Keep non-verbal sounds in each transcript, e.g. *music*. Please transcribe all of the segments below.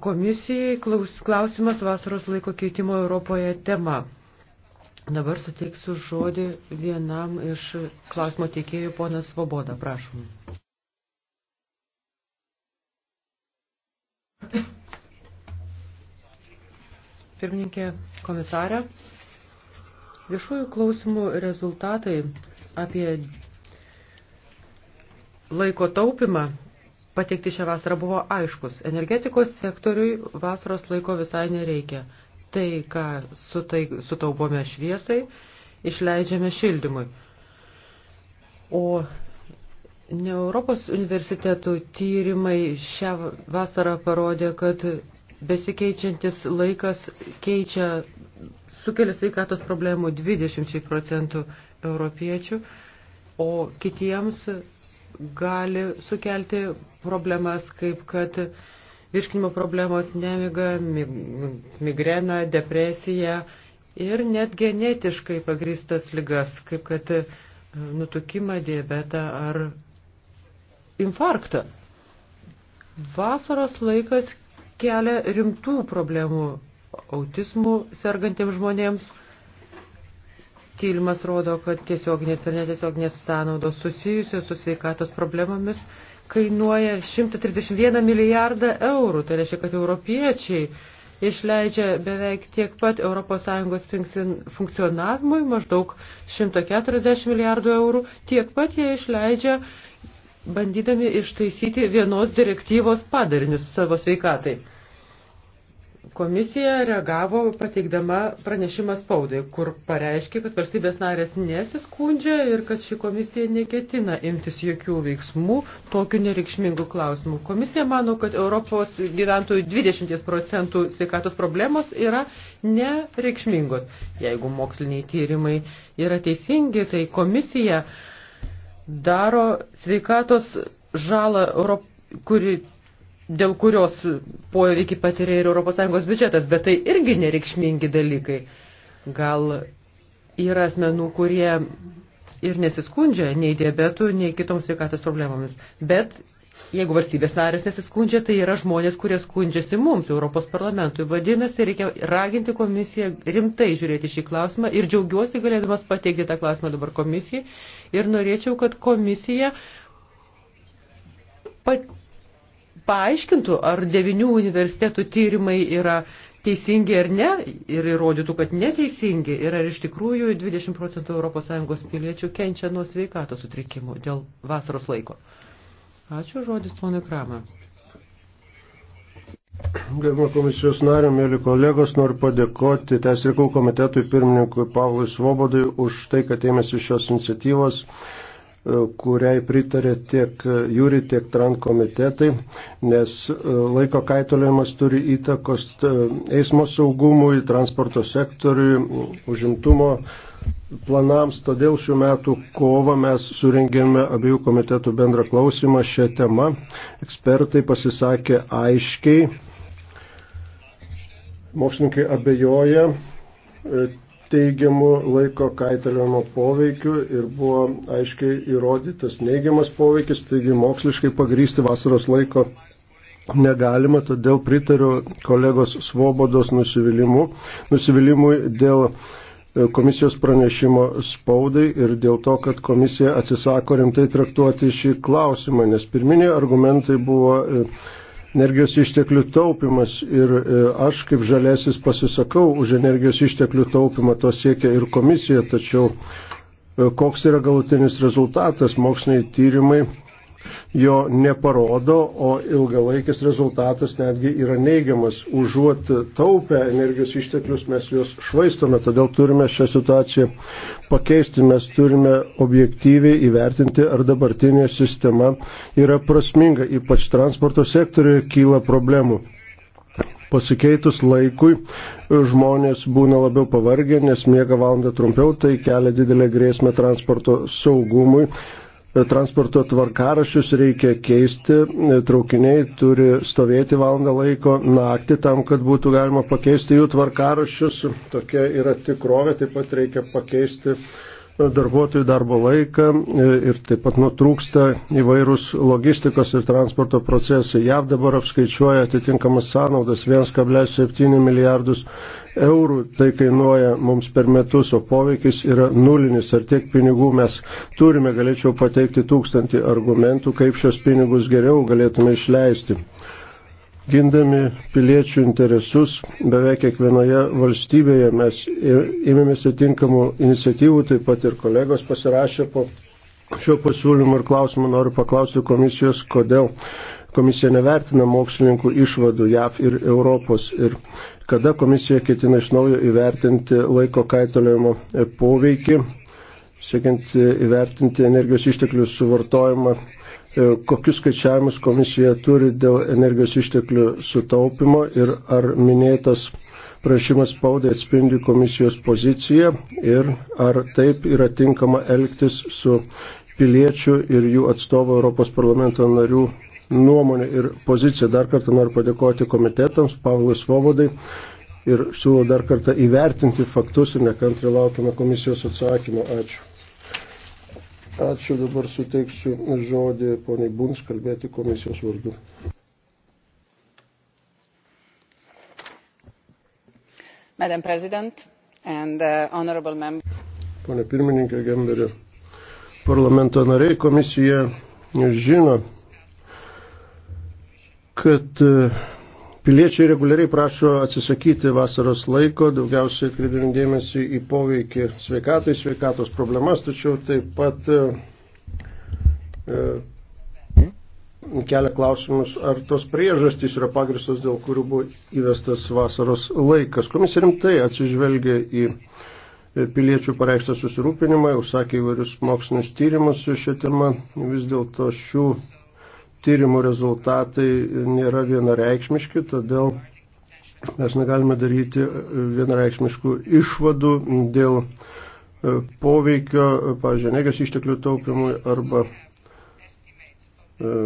Komisijai klaus, klausimas vasaros laiko keitimo Europoje tema. Dabar suteiksiu žodį vienam iš klausimo teikėjų, ponas Svoboda, prašom. Pirmininkė komisarė, viešųjų klausimų rezultatai apie laiko taupimą pateikti šią vasarą buvo aiškus. Energetikos sektoriui vasaros laiko visai nereikia. Tai, ką sutaupome šviesai, išleidžiame šildymui. O ne Europos universitetų tyrimai šią vasarą parodė, kad besikeičiantis laikas keičia, sukelia sveikatos problemų 20 procentų europiečių, o kitiems gali sukelti problemas, kaip kad virškinimo problemos, nemiga, migrena, depresija ir net genetiškai pagristas lygas, kaip kad e, nutukimą, diabetą ar infarktą. Vasaros laikas kelia rimtų problemų autizmų sergantiems žmonėms tyrimas rodo, kad tiesioginės ar netiesioginės sąnaudos susijusios su sveikatos problemomis kainuoja 131 milijardą eurų. Tai reiškia, kad europiečiai išleidžia beveik tiek pat ES funkcionavimui, maždaug 140 milijardų eurų, tiek pat jie išleidžia bandydami ištaisyti vienos direktyvos padarinius savo sveikatai. Komisija reagavo pateikdama pranešimą spaudai, kur pareiškė, kad valstybės narės nesiskundžia ir kad ši komisija neketina imtis jokių veiksmų tokių nereikšmingų klausimų. Komisija mano, kad Europos gyventojų 20 procentų sveikatos problemos yra nereikšmingos. Jeigu moksliniai tyrimai yra teisingi, tai komisija daro sveikatos žalą, kuri dėl kurios poveikį patiria ir ES biudžetas, bet tai irgi nereikšmingi dalykai. Gal yra asmenų, kurie ir nesiskundžia nei diabetų, nei kitoms sveikatos problemomis, bet jeigu valstybės narės nesiskundžia, tai yra žmonės, kurie skundžiasi mums, Europos parlamentui. Vadinasi, reikia raginti komisiją rimtai žiūrėti šį klausimą ir džiaugiuosi galėdamas pateikti tą klausimą dabar komisijai ir norėčiau, kad komisija pat paaiškintų, ar devinių universitetų tyrimai yra teisingi ar ne, ir įrodytų, kad neteisingi, ir ar iš tikrųjų 20 procentų ES piliečių kenčia nuo sveikatos sutrikimų dėl vasaros laiko. Ačiū žodis, ponui Kramą. Gerbimo komisijos nario, mėly kolegos, noriu padėkoti Teisės reikalų komitetui pirmininkui Pavlui Svobodui už tai, kad ėmėsi šios iniciatyvos kuriai pritarė tiek jūri, tiek tran komitetai, nes e, laiko kaitolėjimas turi įtakos e, eismo saugumui, transporto sektoriui, užimtumo planams. Todėl šių metų kovą mes surengėme abiejų komitetų bendrą klausimą šią temą. Ekspertai pasisakė aiškiai. Mokslininkai abejoja e, teigiamų laiko kaitaliojimo poveikių ir buvo aiškiai įrodytas neigiamas poveikis, taigi moksliškai pagrysti vasaros laiko negalima, todėl pritariu kolegos Svobodos nusivylimui dėl e, komisijos pranešimo spaudai ir dėl to, kad komisija atsisako rimtai traktuoti šį klausimą, nes pirminiai argumentai buvo e, energijos išteklių taupimas ir e, aš kaip žalėsis pasisakau už energijos išteklių taupimą, to siekia ir komisija, tačiau e, koks yra galutinis rezultatas, moksliniai tyrimai jo neparodo, o ilgalaikis rezultatas netgi yra neigiamas. Užuot taupę energijos išteklius mes juos švaistome, todėl turime šią situaciją pakeisti, mes turime objektyviai įvertinti, ar dabartinė sistema yra prasminga, ypač transporto sektoriuje kyla problemų pasikeitus laikui žmonės būna labiau pavargę, nes miega valandą trumpiau, tai kelia didelę grėsmę transporto saugumui, transporto tvarkarašius reikia keisti, traukiniai turi stovėti valandą laiko naktį tam, kad būtų galima pakeisti jų tvarkarašius. Tokia yra tikrovė, taip pat reikia pakeisti darbuotojų darbo laiką e, ir taip pat nutrūksta įvairūs logistikos ir transporto procesai. JAV dabar apskaičiuoja atitinkamas sąnaudas 1,7 milijardus eurų tai kainuoja mums per metus, o poveikis yra nulinis. Ar tiek pinigų mes turime, galėčiau pateikti tūkstantį argumentų, kaip šios pinigus geriau galėtume išleisti. Gindami piliečių interesus beveik kiekvienoje valstybėje mes ėmėmės atinkamų iniciatyvų, taip pat ir kolegos pasirašė po šio pasiūlymu ir klausimu noriu paklausti komisijos, kodėl komisija nevertina mokslininkų išvadų JAV ir Europos ir kada komisija ketina iš naujo įvertinti laiko kaitoliojimo poveikį siekiant įvertinti energijos išteklių suvartojimą E, kokius skaičiavimus komisija turi dėl energijos išteklių sutaupimo ir ar minėtas prašymas spaudai atspindi komisijos poziciją ir ar taip yra tinkama elgtis su piliečių ir jų atstovų Europos parlamento narių nuomonė ir pozicija. Dar kartą noriu padėkoti komitetams, Pavlui Svobodai ir siūlau dar kartą įvertinti faktus ir nekantri laukime komisijos atsakymo. Ačiū. Ačiū dabar suteiksiu žodį poniai Buns kalbėti komisijos vardu. Madam President and uh, honorable members. Pone pirmininkė, gendarė, parlamento nariai komisija žino, kad uh, Piliečiai reguliariai prašo atsisakyti vasaros laiko, daugiausiai atkreipdami dėmesį į poveikį sveikatai, sveikatos problemas, tačiau taip pat e, kelia klausimus, ar tos priežastys yra pagristos, dėl kurių buvo įvestas vasaros laikas. Komisija rimtai atsižvelgia į e, piliečių pareikštą susirūpinimą, užsakė įvairius mokslinius tyrimus šią temą, vis dėlto šių tyrimų rezultatai nėra vienareikšmiški, todėl mes negalime daryti vienareikšmiškų išvadų dėl e, poveikio, pavyzdžiui, energijos išteklių taupimui arba e,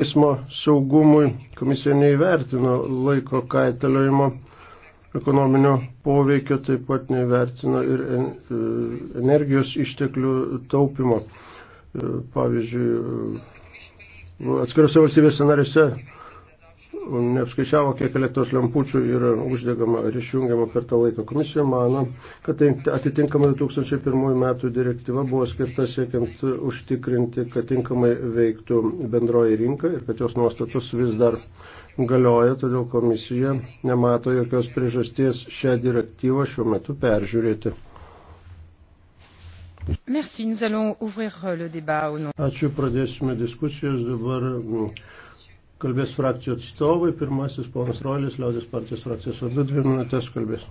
eismo saugumui. Komisija neįvertino laiko kaitaliojimo ekonominio poveikio, taip pat neįvertino ir e, energijos išteklių taupimo. Pavyzdžiui, Nu, atskirose valstybėse narėse nu, neapskaičiavo, kiek elektros lampučių yra uždegama ir išjungiama per tą laiką. Komisija mano, kad tai atitinkama 2001 metų direktyva buvo skirta siekiant užtikrinti, kad tinkamai veiktų bendroji rinka ir kad jos nuostatus vis dar galioja, todėl komisija nemato jokios priežasties šią direktyvą šiuo metu peržiūrėti. Merci, nous allons ouvrir euh, le débat au nom. Ačiū, pradėsime diskusijas dabar. Mm, kalbės frakcijų atstovai, pirmasis ponas Rolis, Liaudės partijos frakcijos vardu, dvi minutės kalbės.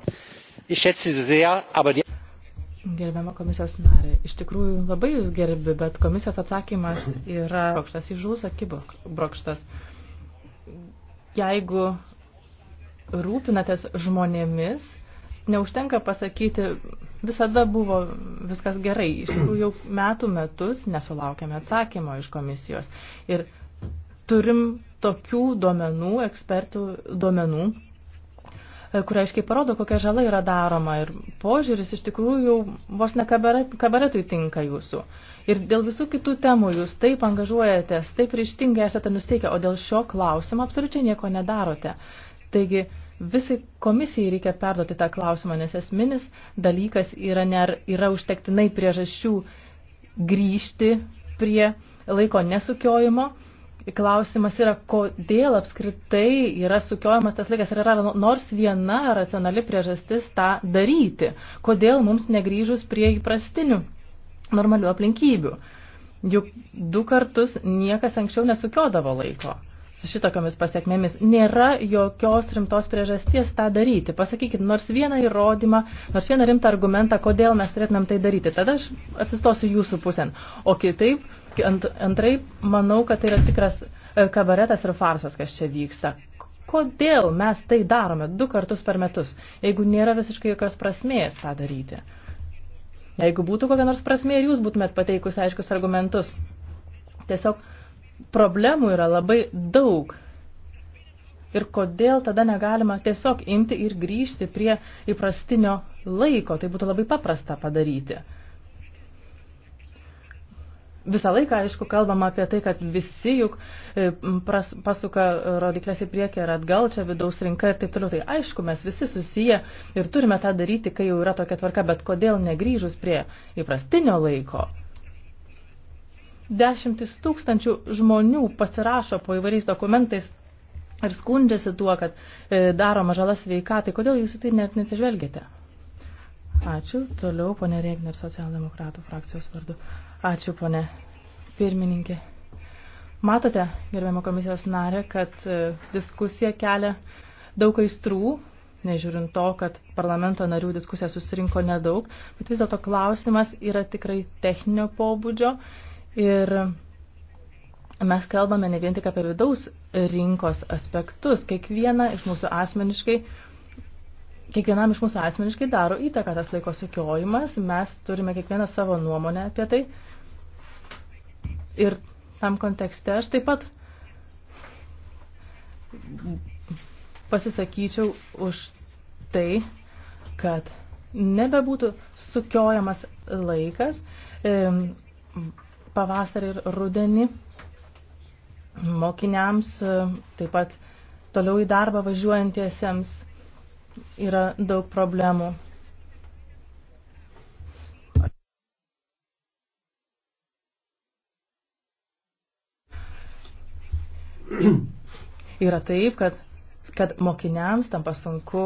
Gerbiama komisijos narė, iš tikrųjų labai jūs gerbi, bet komisijos atsakymas yra brokštas įžūs akibrokštas. Jeigu rūpinatės žmonėmis, neužtenka pasakyti, visada buvo viskas gerai. Iš tikrųjų, jau metų metus nesulaukėme atsakymo iš komisijos. Ir turim tokių duomenų, ekspertų duomenų, e, kurie aiškiai parodo, kokia žala yra daroma ir požiūris iš tikrųjų jau vos ne kabaretui tinka jūsų. Ir dėl visų kitų temų jūs taip angažuojatės, taip ryštingai esate nusteikę, o dėl šio klausimo absoliučiai nieko nedarote. Taigi, Visai komisijai reikia perduoti tą klausimą, nes esminis dalykas yra, ne ar yra užtektinai priežasčių grįžti prie laiko nesukiojimo. Klausimas yra, kodėl apskritai yra sukiojamas tas laikas ir yra nors viena racionali priežastis tą daryti. Kodėl mums negryžus prie įprastinių normalių aplinkybių. Juk du kartus niekas anksčiau nesukiodavo laiko su šitokiamis pasiekmėmis. Nėra jokios rimtos priežasties tą daryti. Pasakykit nors vieną įrodymą, nors vieną rimtą argumentą, kodėl mes turėtumėm tai daryti. Tada aš atsistosiu jūsų pusėn. O kitaip, ant, antraip, manau, kad tai yra tikras e, kabaretas ir farsas, kas čia vyksta. Kodėl mes tai darome du kartus per metus, jeigu nėra visiškai jokios prasmės tą daryti? Jeigu būtų kokia nors prasmė ir jūs būtumėt pateikus aiškus argumentus. Tiesiog problemų yra labai daug. Ir kodėl tada negalima tiesiog imti ir grįžti prie įprastinio laiko. Tai būtų labai paprasta padaryti. Visą laiką, aišku, kalbama apie tai, kad visi juk e, pras, pasuka rodiklės į priekį ir atgal, čia vidaus rinka ir taip toliau. Tai aišku, mes visi susiję ir turime tą daryti, kai jau yra tokia tvarka, bet kodėl negrįžus prie įprastinio laiko? Dešimtis tūkstančių žmonių pasirašo po įvairiais dokumentais ir skundžiasi tuo, kad e, daroma žala sveikatai. Kodėl jūs į tai net nesižvelgiate? Ačiū. Toliau, ponė Rėgner, socialdemokratų frakcijos vardu. Ačiū, ponė pirmininkė. Matote, gerbiamo komisijos narė, kad e, diskusija kelia daug aistrų, nežiūrint to, kad parlamento narių diskusija susirinko nedaug, bet vis dėlto klausimas yra tikrai techninio pobūdžio Ir mes kalbame ne vien tik apie vidaus rinkos aspektus. Kiekviena iš mūsų asmeniškai, kiekvienam iš mūsų asmeniškai daro įtaką tas laiko sukiojimas. Mes turime kiekvieną savo nuomonę apie tai. Ir tam kontekste aš taip pat pasisakyčiau už tai, kad nebebūtų sukiojamas laikas. E, pavasarį ir rudenį mokiniams, e, taip pat toliau į darbą važiuojantiesiems yra daug problemų. Yra taip, kad, kad mokiniams tampa sunku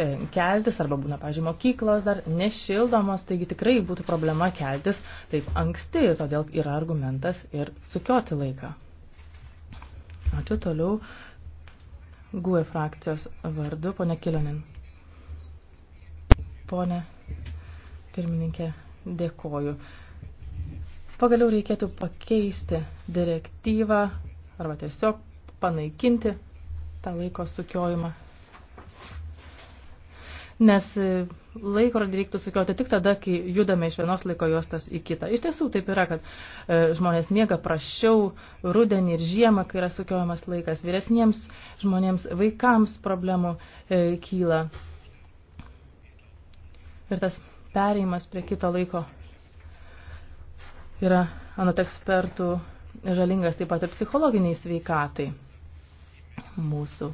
E, keltis arba būna, pažiūrėjau, mokyklos dar nešildomos, taigi tikrai būtų problema keltis taip anksti, todėl yra argumentas ir sukioti laiką. Ačiū toliau. GUE frakcijos vardu, ponė Kilionin. Pone pirmininkė, dėkoju. Pagaliau reikėtų pakeisti direktyvą arba tiesiog panaikinti tą laiko sukiojimą nes e, laikrodį reiktų sukioti tik tada, kai judame iš vienos laiko juostos į kitą. Iš tiesų taip yra, kad e, žmonės miega prašiau rudenį ir žiemą, kai yra sukiojamas laikas. Vyresniems žmonėms vaikams problemų e, kyla. Ir tas pereimas prie kito laiko yra, anot ekspertų, žalingas taip pat ir psichologiniai sveikatai mūsų.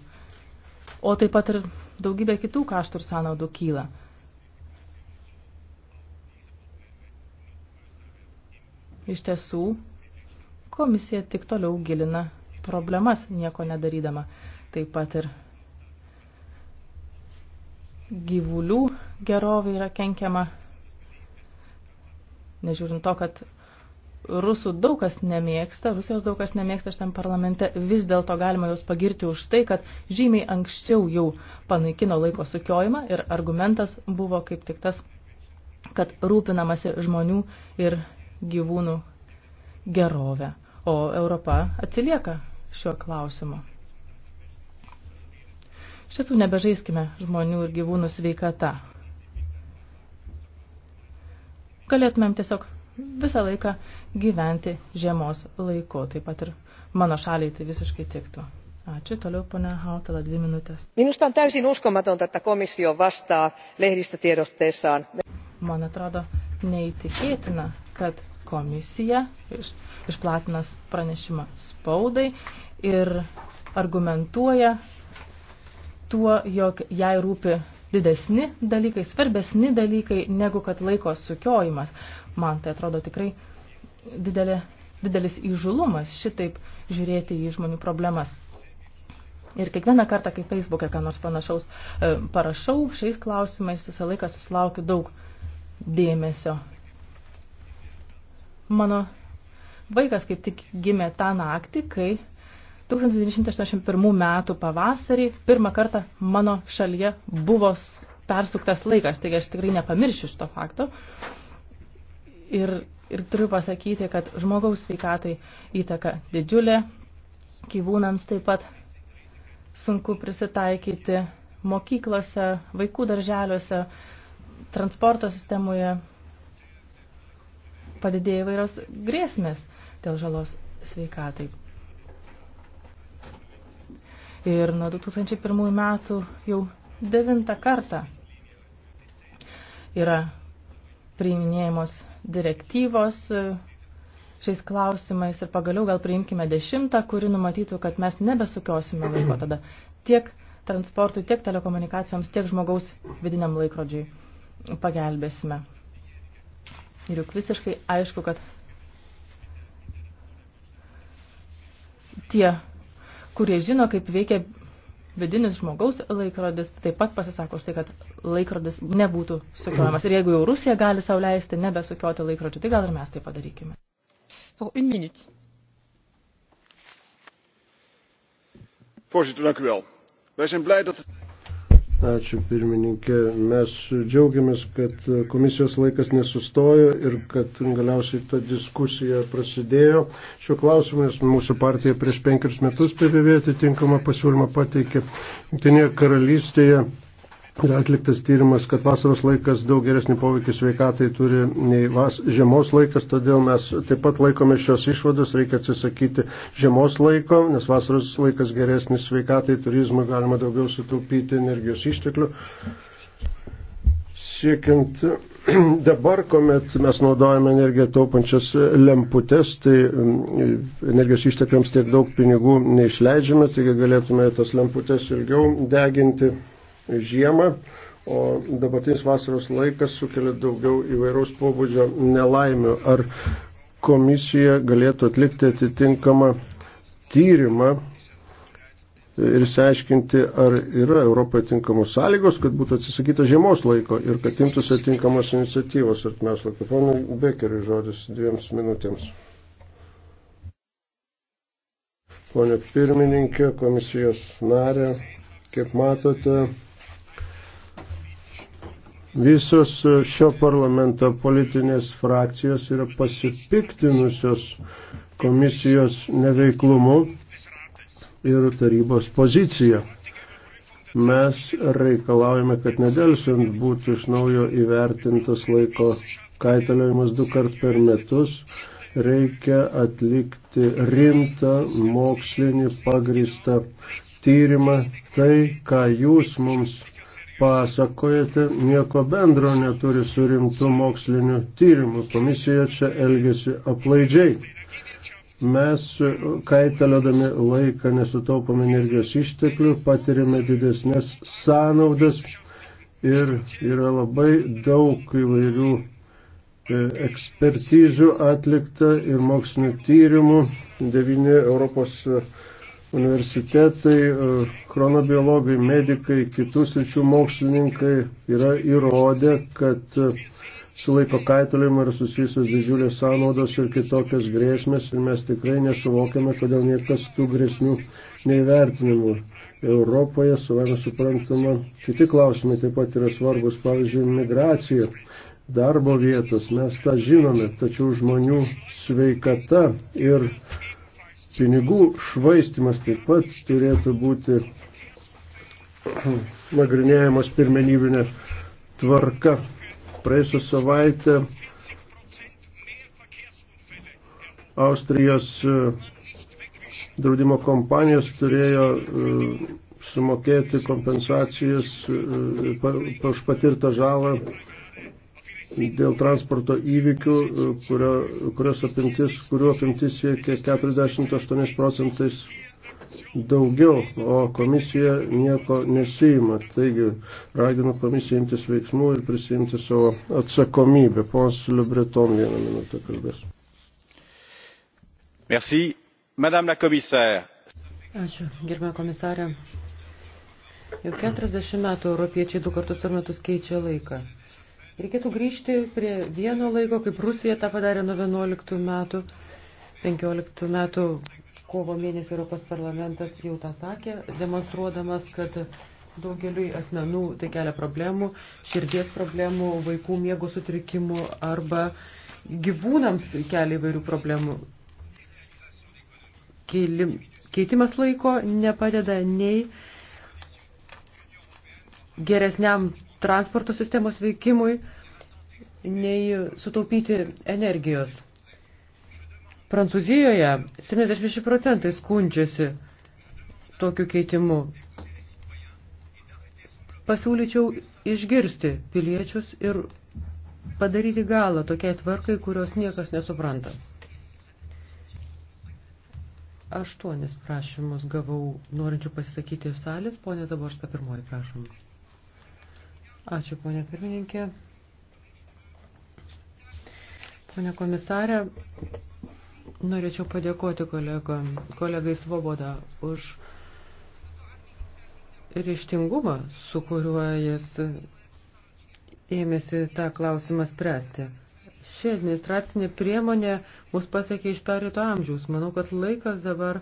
O taip pat ir daugybė kitų kaštų ir sąnaudų kyla. Iš tiesų, komisija tik toliau gilina problemas, nieko nedarydama. Taip pat ir gyvulių gerovė yra kenkiama, nežiūrint to, kad rusų daug kas nemėgsta, Rusijos daug kas nemėgsta šitam parlamente, vis dėlto galima juos pagirti už tai, kad žymiai anksčiau jau panaikino laiko sukiojimą ir argumentas buvo kaip tik tas, kad rūpinamasi žmonių ir gyvūnų gerovę, o Europa atsilieka šiuo klausimu. Iš tiesų nebežaiskime žmonių ir gyvūnų sveikata. Galėtumėm tiesiog visą laiką gyventi žiemos laiku. Taip pat ir mano šaliai tai visiškai tiktų. Ačiū. Toliau ponia Hautala, dvi minutės. Minusta on täysin uskomatonta, että komissio vastaa lehdistötiedotteessaan. Man atrodo neįtikėtina, kad komisija iš, išplatinas pranešimą spaudai ir argumentuoja tuo, jog jai rūpi didesni dalykai, svarbesni dalykai, negu kad laiko sukiojimas. Man tai atrodo tikrai didelė, didelis įžulumas šitaip žiūrėti į žmonių problemas. Ir kiekvieną kartą, kai Facebook'e ką nors panašaus e, parašau, šiais klausimais visą laiką susilaukiu daug dėmesio. Mano vaikas kaip tik gimė tą naktį, kai 1981 metų pavasarį pirmą kartą mano šalyje buvo persuktas laikas, taigi aš tikrai nepamiršiu šito fakto. Ir, ir turiu pasakyti, kad žmogaus sveikatai įtaka didžiulė, gyvūnams taip pat sunku prisitaikyti mokyklose, vaikų darželiuose, transporto sistemoje padidėja įvairios grėsmės dėl žalos sveikatai. Ir nuo 2001 metų jau devintą kartą yra priiminėjamos direktyvos e, šiais klausimais ir pagaliau gal priimkime dešimtą, kuri numatytų, kad mes nebesukiosime laiko tada tiek transportui, tiek telekomunikacijoms, tiek žmogaus vidiniam laikrodžiui pagelbėsime. Ir juk visiškai aišku, kad tie, kurie žino, kaip veikia vidinis žmogaus laikrodis taip pat pasisako štai, kad laikrodis nebūtų sukiojamas. Ir jeigu jau Rusija gali sau leisti nebesukioti laikrodžių, tai gal ir mes tai padarykime. Voorzitter, dank u wel. Wij zijn blij dat... Ačiū pirmininkė. Mes džiaugiamės, kad komisijos laikas nesustojo ir kad galiausiai ta diskusija prasidėjo. Šiuo klausimu mūsų partija prieš penkerius metus PVV atitinkamą pasiūlymą pateikė. Jungtinėje karalystėje yra atliktas tyrimas, kad vasaros laikas daug geresnį poveikį sveikatai turi nei vas, žiemos laikas, todėl mes taip pat laikome šios išvados, reikia atsisakyti žiemos laiko, nes vasaros laikas geresnis sveikatai, turizmui galima daugiau sutaupyti energijos išteklių. Siekiant *clears throat* dabar, kuomet mes naudojame energiją taupančias lemputes, tai energijos ištekliams tiek daug pinigų neišleidžiame, taigi galėtume tas lemputes ilgiau deginti žiemą, o dabartinis vasaros laikas sukelia daugiau įvairaus pobūdžio nelaimių. Ar komisija galėtų atlikti atitinkamą tyrimą ir išsiaiškinti, ar yra Europoje tinkamos sąlygos, kad būtų atsisakyta žiemos laiko ir kad imtųsi atitinkamos iniciatyvos. Ir mes laiką ponui Bekeriui žodis dviems minutėms. Pone pirmininkė, komisijos narė, kaip matote, Visos e, šio parlamento politinės frakcijos yra pasipiktinusios komisijos neveiklumu ir tarybos pozicija. Mes reikalaujame, kad nedelsiant būtų iš naujo įvertintas laiko kaitaliojimas du kart per metus reikia atlikti rimtą mokslinį pagristą tyrimą. Tai, ką jūs mums pasakojate, nieko bendro neturi su rimtu moksliniu tyrimu. Komisija čia elgesi aplaidžiai. Mes, kaitaliodami laiką, nesutaupome energijos išteklių, patirime didesnės sąnaudas ir yra labai daug įvairių e, ekspertizių atlikta ir mokslinio tyrimų. Devini Europos e, universitetai e, kronobiologai, medikai, kitus ryčių mokslininkai yra įrodę, kad e, su laiko kaitolimu yra susijusios didžiulės sąnaudos ir kitokios grėsmės ir mes tikrai nesuvokiame, kodėl niekas tų grėsmių neįvertinimų. Europoje, savame suprantama, kiti klausimai taip pat yra svarbus, pavyzdžiui, migracija, darbo vietos, mes tą žinome, tačiau žmonių sveikata ir pinigų švaistimas taip pat turėtų būti *clears throat* nagrinėjamas pirmenybinė tvarka. Praėjusią savaitę Austrijos e, draudimo kompanijos turėjo e, sumokėti kompensacijas e, už patirtą žalą dėl transporto įvykių, kurio, kurios apimtis, kurio apimtis siekia 48 procentais daugiau, o komisija nieko nesijima. Taigi raginu komisiją imtis veiksmų ir prisimti savo atsakomybę. Ponas Liubreton vieną minutę kalbės. Merci, madame la commissaire. Ačiū, gerbė komisarė. Jau 40 metų europiečiai du kartus per metus keičia laiką. Reikėtų grįžti prie vieno laiko, kaip Rusija tą padarė nuo 11 metų. 15 metų Kovo mėnesį Europos parlamentas jau tą sakė, demonstruodamas, kad daugeliui asmenų tai kelia problemų, širdies problemų, vaikų miego sutrikimų arba gyvūnams kelia įvairių problemų. Keilim, keitimas laiko nepadeda nei geresniam transporto sistemos veikimui, nei sutaupyti energijos. Prancūzijoje 76 procentai skundžiasi tokiu keitimu. Pasiūlyčiau išgirsti piliečius ir padaryti galą tokiai tvarkai, kurios niekas nesupranta. Aštuonis prašymus gavau norinčių pasisakyti iš salės. Pone Zaborska, pirmoji prašom. Ačiū, ponė pirmininkė. Pone komisarė, Norėčiau padėkoti kolego, kolegai Svoboda už ryštingumą, su kuriuo jis ėmėsi tą klausimą spręsti. Ši administracinė priemonė mus pasiekė iš perėto amžiaus. Manau, kad laikas dabar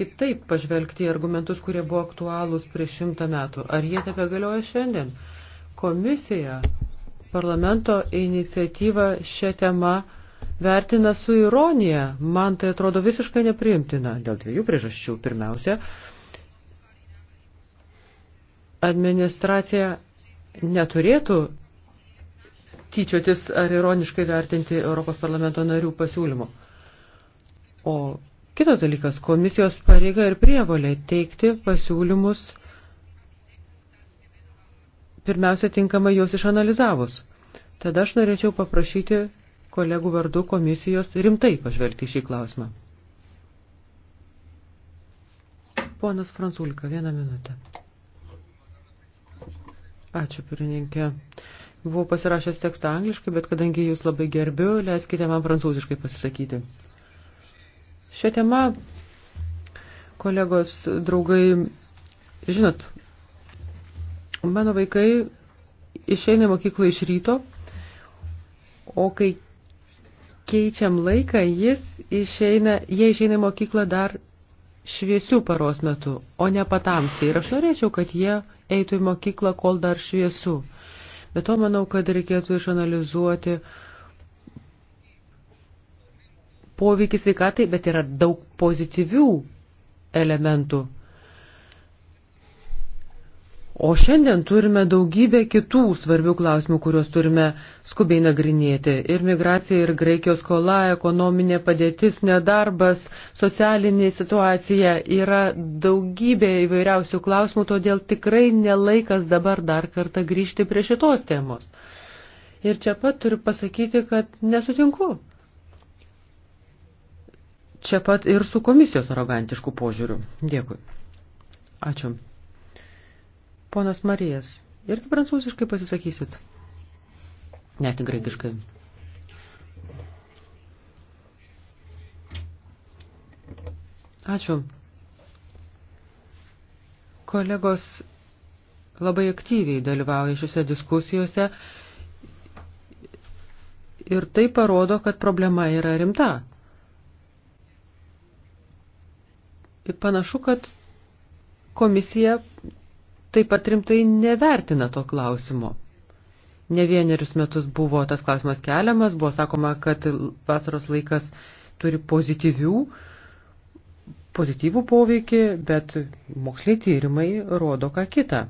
kitaip pažvelgti į argumentus, kurie buvo aktualūs prieš šimtą metų. Ar jie tebe galioja šiandien? Komisija parlamento iniciatyvą šią temą vertina su ironija. Man tai atrodo visiškai nepriimtina dėl dviejų priežasčių. Pirmiausia, administracija neturėtų tyčiotis ar ironiškai vertinti Europos parlamento narių pasiūlymų. O kitas dalykas, komisijos pareiga ir prievolė teikti pasiūlymus pirmiausia tinkamai juos išanalizavus. Tada aš norėčiau paprašyti kolegų vardu komisijos rimtai pažvelgti šį klausimą. Ponas Fransulka, vieną minutę. Ačiū, pirininkė. Buvau pasirašęs tekstą angliškai, bet kadangi jūs labai gerbiu, leiskite man prancūziškai pasisakyti. Šią temą, kolegos, draugai, žinot, mano vaikai išeina mokyklą iš ryto, o kai keičiam laiką, jis išeina, jie išeina į mokyklą dar šviesių paros metu, o ne patamsiai. Ir aš norėčiau, kad jie eitų į mokyklą, kol dar šviesų. Bet to manau, kad reikėtų išanalizuoti poveikį sveikatai, bet yra daug pozityvių elementų O šiandien turime daugybę kitų svarbių klausimų, kuriuos turime skubiai nagrinėti. Ir migracija, ir Graikijos skola, ekonominė padėtis, nedarbas, socialinė situacija yra daugybė įvairiausių klausimų, todėl tikrai nelaikas dabar dar kartą grįžti prie šitos temos. Ir čia pat turiu pasakyti, kad nesutinku. Čia pat ir su komisijos arogantišku požiūriu. Dėkui. Ačiū. Ponas Marijas, irgi prancūziškai pasisakysit? Ne, tik graikiškai. Ačiū. Kolegos labai aktyviai dalyvauja šiuose diskusijose ir tai parodo, kad problema yra rimta. Ir panašu, kad komisija taip pat rimtai nevertina to klausimo. Ne vienerius metus buvo tas klausimas keliamas, buvo sakoma, kad vasaros laikas turi pozityvių, pozityvų poveikį, bet moksliniai tyrimai rodo ką kitą.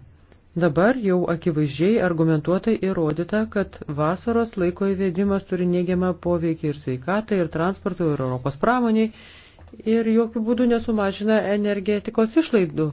Dabar jau akivaizdžiai argumentuotai įrodyta, kad vasaros laiko įvedimas turi neigiamą poveikį ir sveikatai, ir transportui, ir Europos pramoniai, ir jokių būdų nesumažina energetikos išlaidų.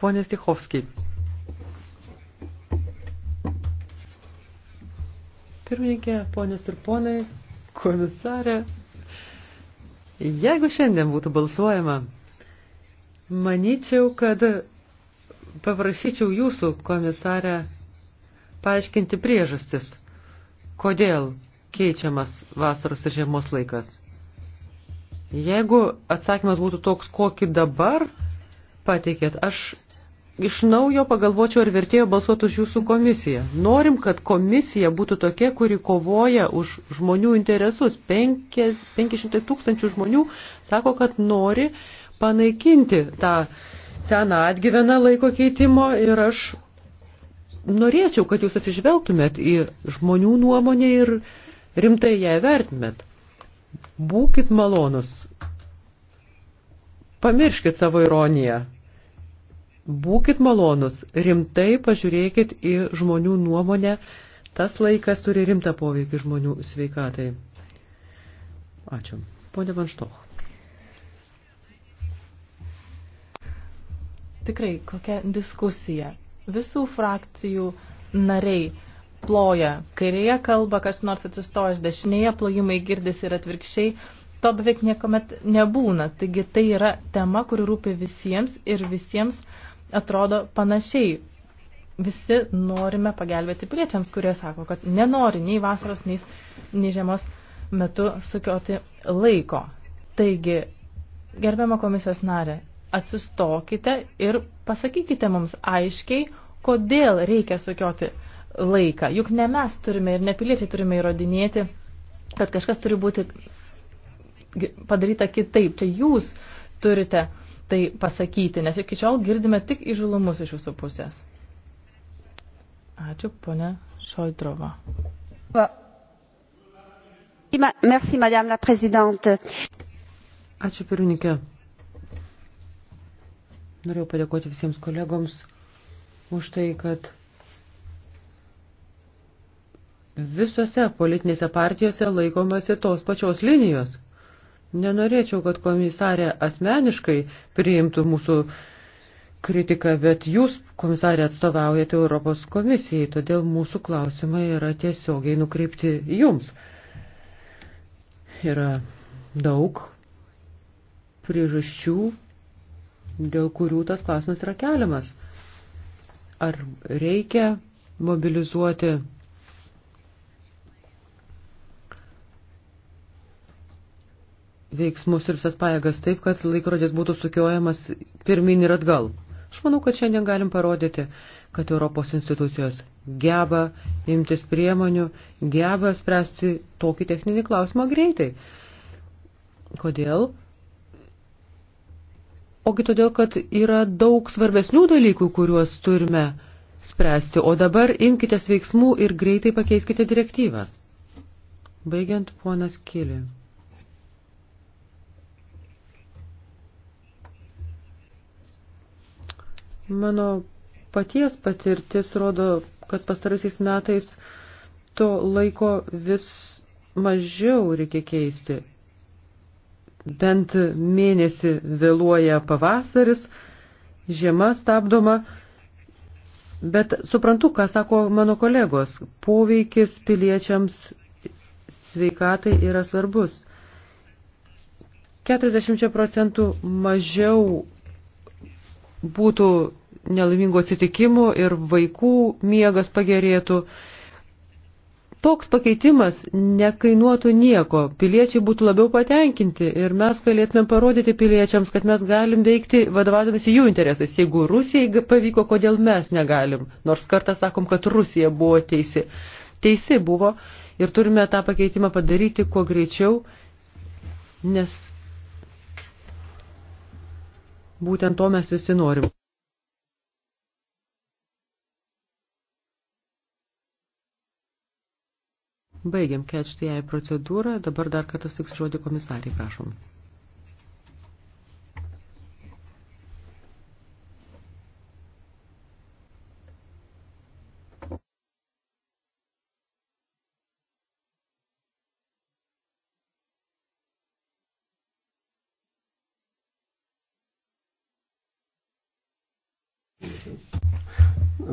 Pone Stichovskiai. Pirmininkė, ponios ir ponai, komisarė, jeigu šiandien būtų balsuojama, manyčiau, kad paprašyčiau jūsų, komisarė, paaiškinti priežastis, kodėl keičiamas vasaros ir žiemos laikas. Jeigu atsakymas būtų toks, kokį dabar pateikėt, aš iš naujo pagalvočiau, ar vertėjo balsuoti už jūsų komisiją. Norim, kad komisija būtų tokia, kuri kovoja už žmonių interesus. 500 tūkstančių žmonių sako, kad nori panaikinti tą seną atgyveną laiko keitimo ir aš norėčiau, kad jūs atsižvelgtumėt į žmonių nuomonę ir rimtai ją vertumėt. Būkit malonus. Pamirškit savo ironiją. Būkit malonus, rimtai pažiūrėkit į žmonių nuomonę, tas laikas turi rimtą poveikį žmonių sveikatai. Ačiū. Pone Vanštoch. Tikrai, kokia diskusija. Visų frakcijų nariai ploja. Kairėje kalba, kas nors atsistojęs dešinėje, plojimai girdis ir atvirkščiai. To beveik niekuomet nebūna. Taigi tai yra tema, kuri rūpi visiems ir visiems uh, atrodo panašiai. Visi norime pagelbėti piliečiams, kurie sako, kad nenori nei vasaros, nei, nei žiemos metu sukioti laiko. Taigi, gerbiama komisijos narė, atsistokite ir pasakykite mums aiškiai, kodėl reikia sukioti laiką. Juk ne mes turime ir ne piliečiai turime įrodinėti, kad kažkas turi būti padaryta kitaip. Čia jūs turite tai pasakyti, nes iki šiol girdime tik įžulumus iš jūsų pusės. Ačiū, ponė Šoitrova. Merci, madame la présidente. Ačiū, pirmininkė. Norėjau padėkoti visiems kolegoms už tai, kad visose politinėse partijose laikomasi tos pačios linijos – Nenorėčiau, kad komisarė asmeniškai priimtų mūsų kritiką, bet jūs, komisarė, atstovaujate Europos komisijai, todėl mūsų klausimai yra tiesiogiai nukreipti jums. Yra daug priežasčių, dėl kurių tas klausimas yra keliamas. Ar reikia mobilizuoti veiksmus ir visas pajėgas taip, kad laikrodis būtų sukiojamas pirmin ir atgal. Aš manau, kad šiandien galim parodyti, kad Europos institucijos geba imtis priemonių, geba spręsti tokį techninį klausimą greitai. Kodėl? Ogi todėl, kad yra daug svarbesnių dalykų, kuriuos turime spręsti, o dabar imkite veiksmų ir greitai pakeiskite direktyvą. Baigiant, ponas Kili. Mano paties patirtis rodo, kad pastaraisiais metais to laiko vis mažiau reikia keisti. Bent mėnesį vėluoja pavasaris, žiema stabdoma, bet suprantu, ką sako mano kolegos, poveikis piliečiams sveikatai yra svarbus. 40 procentų mažiau būtų nelaimingų atsitikimų ir vaikų miegas pagerėtų. Toks pakeitimas nekainuotų nieko, piliečiai būtų labiau patenkinti ir mes galėtume parodyti piliečiams, kad mes galim veikti vadovaudomasi jų interesais. Jeigu Rusijai pavyko, kodėl mes negalim, nors kartą sakom, kad Rusija buvo teisi. Teisi buvo ir turime tą pakeitimą padaryti kuo greičiau, nes būtent to mes visi norim. Baigiam kečti jai procedūrą. Dabar dar kartą tiks žodį komisariai, prašom.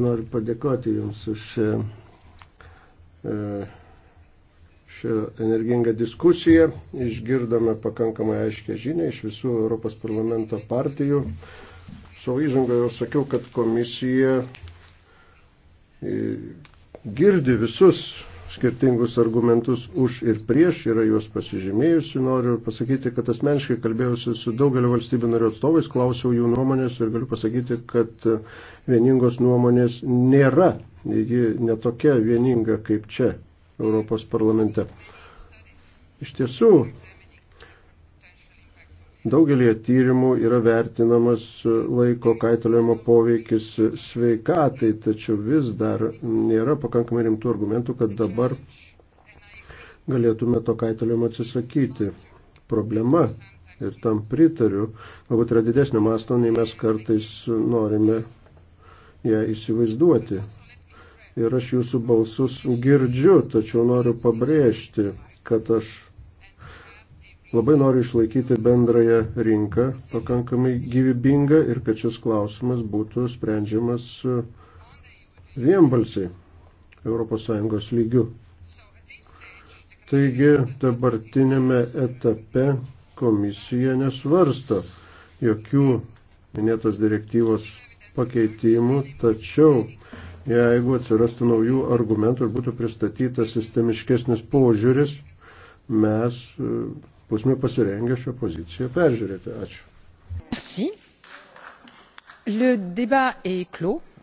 Noriu padėkoti Jums už e, šią energingą diskusiją. Išgirdome pakankamai aiškę žinę iš visų Europos parlamento partijų. Savo įžangą jau sakiau, kad komisija e, girdi visus skirtingus argumentus už ir prieš, yra juos pasižymėjusi. Noriu pasakyti, kad asmeniškai kalbėjausi su daugelio valstybių narių atstovais, klausiau jų nuomonės ir galiu pasakyti, kad vieningos nuomonės nėra. Ji netokia vieninga kaip čia Europos parlamente. Iš tiesų, daugelie tyrimų yra vertinamas laiko kaitaliojimo poveikis sveikatai, tačiau vis dar nėra pakankamai rimtų argumentų, kad dabar galėtume to kaitaliojimo atsisakyti. Problema, ir tam pritariu, galbūt yra didesnio masto, nei mes kartais norime ją įsivaizduoti ir aš jūsų balsus girdžiu, tačiau noriu pabrėžti, kad aš labai noriu išlaikyti bendrąją rinką pakankamai gyvybingą ir kad šis klausimas būtų sprendžiamas vienbalsiai ES lygių. Taigi dabartinėme etape komisija nesvarsto jokių minėtos direktyvos pakeitimų, tačiau jeigu atsirastų naujų argumentų ir būtų pristatytas sistemiškesnis požiūris, mes e, būsime pasirengę šią poziciją peržiūrėti. Ačiū. Merci. Le débat est clos.